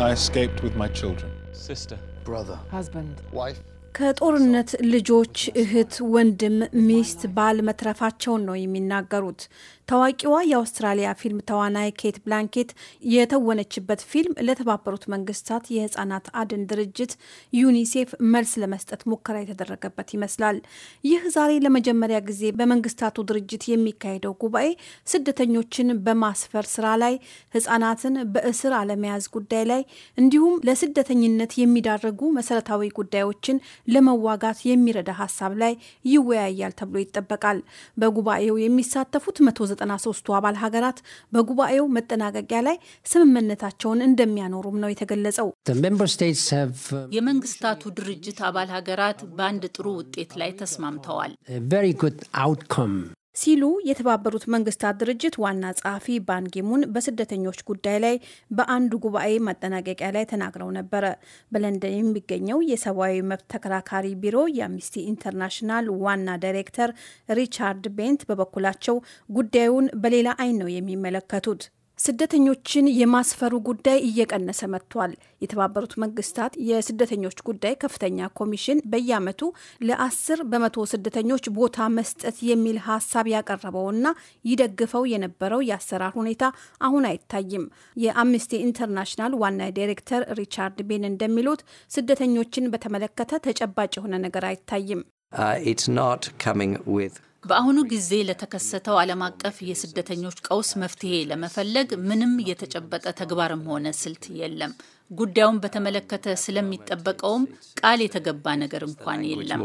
I escaped with my children. Sister. Brother. Husband. Wife. ከጦርነት ልጆች፣ እህት፣ ወንድም፣ ሚስት፣ ባል መትረፋቸውን ነው የሚናገሩት። ታዋቂዋ የአውስትራሊያ ፊልም ተዋናይ ኬት ብላንኬት የተወነችበት ፊልም ለተባበሩት መንግስታት የህጻናት አድን ድርጅት ዩኒሴፍ መልስ ለመስጠት ሙከራ የተደረገበት ይመስላል። ይህ ዛሬ ለመጀመሪያ ጊዜ በመንግስታቱ ድርጅት የሚካሄደው ጉባኤ ስደተኞችን በማስፈር ስራ ላይ፣ ህጻናትን በእስር አለመያዝ ጉዳይ ላይ እንዲሁም ለስደተኝነት የሚዳረጉ መሰረታዊ ጉዳዮችን ለመዋጋት የሚረዳ ሀሳብ ላይ ይወያያል ተብሎ ይጠበቃል። በጉባኤው የሚሳተፉት መቶ 93ቱ አባል ሀገራት በጉባኤው መጠናቀቂያ ላይ ስምምነታቸውን እንደሚያኖሩም ነው የተገለጸው። uh, የመንግስታቱ ድርጅት አባል ሀገራት በአንድ ጥሩ ውጤት ላይ ተስማምተዋል። ሲሉ የተባበሩት መንግስታት ድርጅት ዋና ጸሐፊ ባንኪሙን በስደተኞች ጉዳይ ላይ በአንዱ ጉባኤ ማጠናቀቂያ ላይ ተናግረው ነበረ። በለንደን የሚገኘው የሰብአዊ መብት ተከራካሪ ቢሮ የአምኒስቲ ኢንተርናሽናል ዋና ዳይሬክተር ሪቻርድ ቤንት በበኩላቸው ጉዳዩን በሌላ አይን ነው የሚመለከቱት። ስደተኞችን የማስፈሩ ጉዳይ እየቀነሰ መጥቷል። የተባበሩት መንግስታት የስደተኞች ጉዳይ ከፍተኛ ኮሚሽን በየአመቱ ለአስር በመቶ ስደተኞች ቦታ መስጠት የሚል ሀሳብ ያቀረበውና ይደግፈው የነበረው የአሰራር ሁኔታ አሁን አይታይም። የአምነስቲ ኢንተርናሽናል ዋና ዳይሬክተር ሪቻርድ ቤን እንደሚሉት ስደተኞችን በተመለከተ ተጨባጭ የሆነ ነገር አይታይም። uh, በአሁኑ ጊዜ ለተከሰተው ዓለም አቀፍ የስደተኞች ቀውስ መፍትሄ ለመፈለግ ምንም የተጨበጠ ተግባርም ሆነ ስልት የለም። ጉዳዩን በተመለከተ ስለሚጠበቀውም ቃል የተገባ ነገር እንኳን የለም።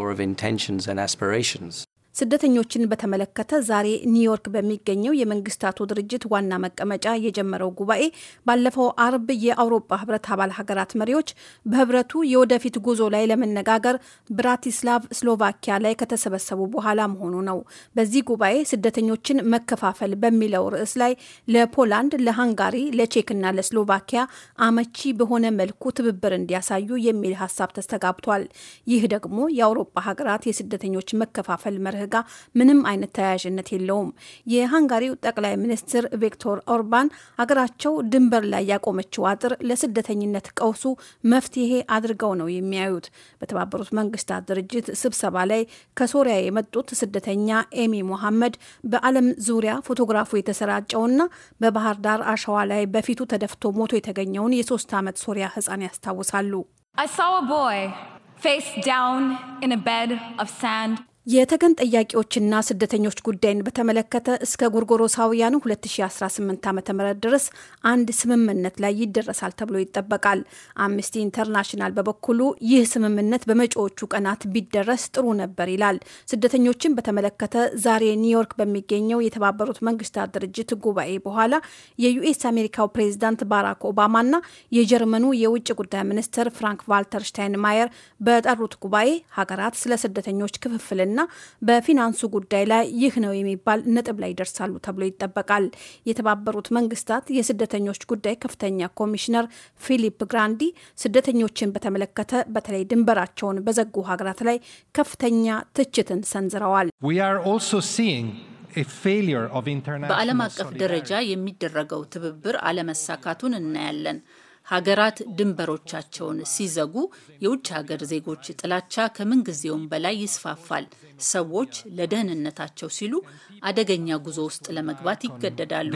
ስደተኞችን በተመለከተ ዛሬ ኒውዮርክ በሚገኘው የመንግስታቱ ድርጅት ዋና መቀመጫ የጀመረው ጉባኤ ባለፈው አርብ የአውሮፓ ህብረት አባል ሀገራት መሪዎች በህብረቱ የወደፊት ጉዞ ላይ ለመነጋገር ብራቲስላቭ ስሎቫኪያ ላይ ከተሰበሰቡ በኋላ መሆኑ ነው። በዚህ ጉባኤ ስደተኞችን መከፋፈል በሚለው ርዕስ ላይ ለፖላንድ፣ ለሃንጋሪ፣ ለቼክና ለስሎቫኪያ አመቺ በሆነ መልኩ ትብብር እንዲያሳዩ የሚል ሀሳብ ተስተጋብቷል። ይህ ደግሞ የአውሮፓ ሀገራት የስደተኞች መከፋፈል መርህ መርህ ጋር ምንም አይነት ተያያዥነት የለውም። የሃንጋሪው ጠቅላይ ሚኒስትር ቪክቶር ኦርባን አገራቸው ድንበር ላይ ያቆመችው አጥር ለስደተኝነት ቀውሱ መፍትሄ አድርገው ነው የሚያዩት። በተባበሩት መንግስታት ድርጅት ስብሰባ ላይ ከሶሪያ የመጡት ስደተኛ ኤሚ ሞሐመድ በዓለም ዙሪያ ፎቶግራፉ የተሰራጨውና በባህር ዳር አሸዋ ላይ በፊቱ ተደፍቶ ሞቶ የተገኘውን የሶስት ዓመት ሶሪያ ህፃን ያስታውሳሉ። የተገን ጠያቂዎችና ስደተኞች ጉዳይን በተመለከተ እስከ ጎርጎሮሳውያኑ 2018 ዓ ም ድረስ አንድ ስምምነት ላይ ይደረሳል ተብሎ ይጠበቃል። አምነስቲ ኢንተርናሽናል በበኩሉ ይህ ስምምነት በመጪዎቹ ቀናት ቢደረስ ጥሩ ነበር ይላል። ስደተኞችን በተመለከተ ዛሬ ኒውዮርክ በሚገኘው የተባበሩት መንግስታት ድርጅት ጉባኤ በኋላ የዩኤስ አሜሪካው ፕሬዚዳንት ባራክ ኦባማና የጀርመኑ የውጭ ጉዳይ ሚኒስትር ፍራንክ ቫልተር ሽታይንማየር በጠሩት ጉባኤ ሀገራት ስለ ስደተኞች ክፍፍልን ይሆናልና በፊናንሱ ጉዳይ ላይ ይህ ነው የሚባል ነጥብ ላይ ይደርሳሉ ተብሎ ይጠበቃል። የተባበሩት መንግስታት የስደተኞች ጉዳይ ከፍተኛ ኮሚሽነር ፊሊፕ ግራንዲ ስደተኞችን በተመለከተ በተለይ ድንበራቸውን በዘጉ ሀገራት ላይ ከፍተኛ ትችትን ሰንዝረዋል። በዓለም አቀፍ ደረጃ የሚደረገው ትብብር አለመሳካቱን እናያለን። ሀገራት ድንበሮቻቸውን ሲዘጉ የውጭ ሀገር ዜጎች ጥላቻ ከምንጊዜውም በላይ ይስፋፋል። ሰዎች ለደህንነታቸው ሲሉ አደገኛ ጉዞ ውስጥ ለመግባት ይገደዳሉ።